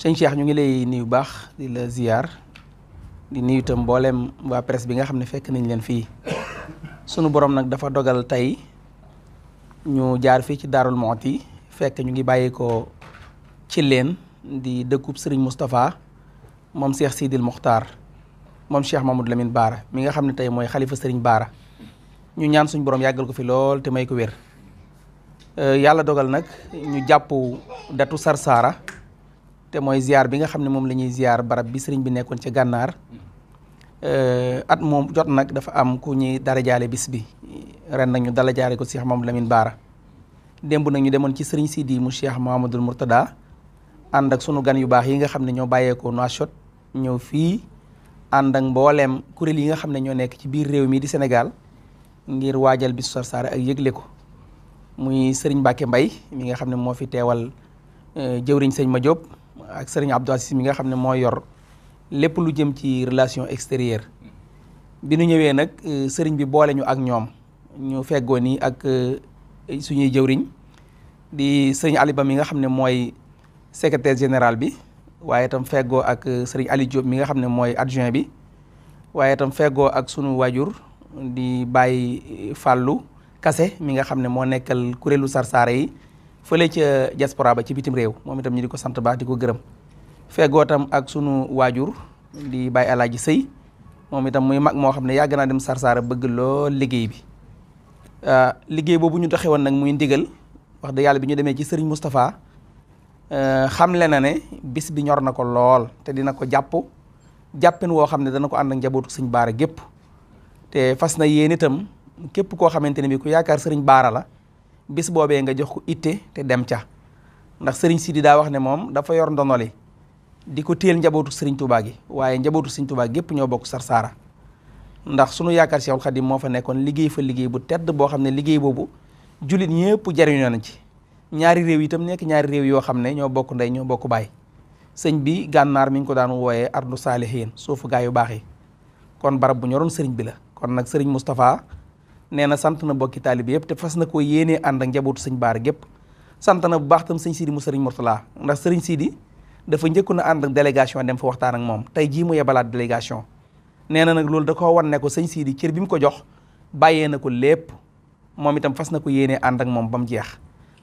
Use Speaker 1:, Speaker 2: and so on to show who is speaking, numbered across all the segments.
Speaker 1: sëñ Cheikh ñu ngi lay nuyu baax di la ziar di nuyu itam mboolem waa presse bi nga xam ne fekk nañ leen fii suñu borom nag dafa dogal tey ñu jaar fii ci Darou Mouhty fekk ñu ngi bàyyi ko ci leen di dëkkub sëriñ Moustapha moom seex Cheikh Sidil Mokhtar moom Cheikh Mamadou lamin Baara mi nga xam ne tey mooy xalifa Serigne Baara ñu ñaan suñu borom yàggal ko fi lool te may ko wér. Euh, yàlla dogal nag ñu jàpp datu sarsaara te mooy ziar bi nga xam ne moom la ñuy ziar barab bi sëriñ bi nekkoon ca gànnaar euh, at moom jot nag dafa am ku ñuy darajaale bis bi ren nañu dala jaare ko Cheikh Mamadou Lamine Baara démb nag demoon ci sëriñ Sidi mu Cheikh Mahamadul Mourtada ànd ak sunu gan yu baax yi nga xam ne ñoo bàyyeekoo Nouakchott ñëw fii ànd ak mbooleem kuréel yi nga xam ne ñoo nekk ci biir réew mii di senegal ngir waajal bisu Sarsara ak yëgle ko muy sëriñ Mbacke Mbay mi nga xam ne moo fi teewal euh, jëwriñ sëñ ma Diop ak sëriñ Abdou Aziz mi nga xam ne moo yor lépp lu jëm ci relation extérieure bi nu ñëwee nag euh, sëriñ bi boole ñu ak ñoom ñu feggoo nii ak euh, suñuy jëwriñ di sëriñ Ali Ba mi nga xam ne mooy secretaire général bi waaye itam feggoo ak euh, sëriñ Ali Diop mi nga xam ne mooy adjoint bi waaye itam feggoo ak suñu waajur di bàyyi fàllu kase mi nga xam ne moo nekkal kuréelu sarsaara yi fële ca diaspora ba ci bitim réew moom itam ñu di ko sant baax di ko gërëm feggoo tam ak sunu waajur di bàyyi alaaji sëy moom itam muy mag moo xam ne yàgg naa dem sarsaara bëgg lool liggéey bi ah, liggéey boobu ñu doxee woon nag muy ndigal wax dëgg yàlla bi ñu demee ci sëriñ Moustapha ah, xamle na ne bis bi ñor na ko lool te dina ko jàpp jàppin woo xam ne dana ko ànd ak njabootu sëñ baara gépp te fas na yéen itam képp koo xamante ne bi ku yaakaar sëriñ baara la bis boobee nga jox ko itte te dem ca ndax sëriñ si di daa wax ne moom dafa yor ndonoli di ko téel njabootu sëriñ Touba gi waaye njabootu sëriñ Touba gépp ñoo bokk Sarsara ndax sunu yaakaar Cheikhul Khadim moo fa nekkoon liggéey fa liggéey bu tedd boo xam ne liggéey boobu jullit ñëpp jariñoo na ci ñaari réew itam nekk ñaari réew yoo xam ne ñoo bokk ndey ñoo bokk baay sëñ bi gànnaar mi ngi ko daan wooyee ardu saalihiin suufu gaa yu baax yi kon barab bu ñoroon sëriñ bi la nag sëriñ Moustapha nee na sant na bokki taalibe yëpp te fas na ko yéenee ànd ak njabootu sëñ baara gépp sant na bu baax tam sëñ Sidi mu sëriñ Mourtala ndax sëriñ Sidi dafa njëkku na ànd ak délégation dem fa waxtaan ak moom tey jii mu yebalaat délégation nee na nag loolu da koo wan ne ko sëñ siidi cër bi mu ko jox bàyyee na ko lépp moom itam fas na ko yéenee ànd ak moom ba mu jeex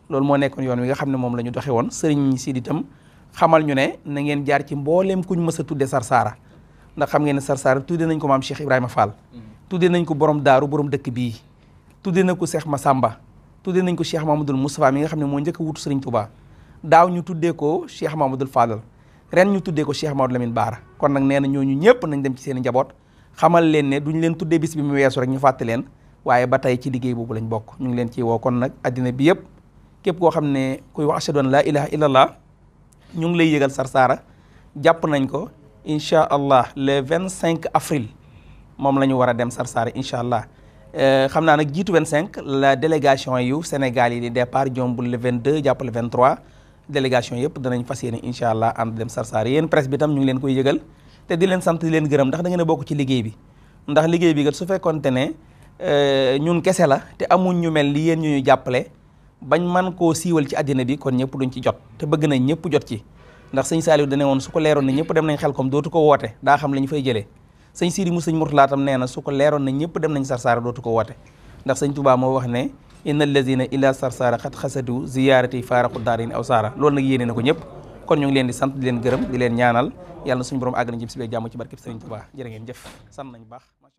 Speaker 1: loolu moo nekkoon yoon wi nga xam ne moom la ñu doxe woon sëriñ Sidi itam xamal ñu ne na ngeen jaar ci mbooleem kuñ mës a tudde Sarsara ndax xam ngeen ne Sarsara tudde nañ ko maam Cheikh Ibrahima Fall tuddee nañ ko borom daaru borom dëkk bii tuddee na ko ma Massamba tuddee nañ ko Cheikh Mamadou Moustapha mi nga xam ne moo njëkk a wutu Serigne Touba daaw ñu tuddee ko Cheikh Mamadou Fadal ren ñu tuddee ko Cheikh Mamadou min Baara kon nag nee na ñooñu ñëpp nañ dem ci seen njaboot xamal leen ne duñ leen tuddee bis bi mu weesu rek ñu fàtte leen waaye ba tey ci liggéey boobu lañ bokk ñu ngi leen ci woo kon nag addina bi yëpp képp koo xam ne kuy wax ashhadu an laa ilaha illallah ñu ngi lay yëgal Sarsara jàpp nañ ko incha allah le 25 avril moom la ñu war a dem Sarsara incha allah euh, xam naa nag jiitu cinq la délégation yu Sénégal yi di départ jombul le 22 jàpp le 23 délégation yëpp danañ fas yéene incha allah ànd dem Sarsara yéen presse bi tam ñu ngi leen koy yëgal te di leen sant di leen gërëm ndax da ngeen bokk ci liggéey bi ndax liggéey bi gat su fekkoonte ne euh, ñun kese la te amuñ ñu mel li yéen ñu jàppale bañ man koo siiwal ci àddina bi kon ñëpp duñ ci jot te bëgg nañ ñëpp jot ci ndax sëñ Saliou dane woon ko leeroon ne ñëpp dem nañ xel kom dootu ko woote daa la ñu fay jëlee sëñ Sidi mu sëñ Murtala tam nee na su ko leeroon na ñëpp dem nañ Sarsara dootu ko woote ndax sëñ Touba moo wax ne inna allazina ila Sarsara xat xasadu ziyaarati faaraqu daarin aw saara loolu nag yéene na ko ñëpp kon ñu ngi leen di sant di leen gërëm di leen ñaanal yàlla na suñu àgg nañ ci bis jàmm ci barkeb sëriñ Touba jërë ngeen jëf sant nañ baax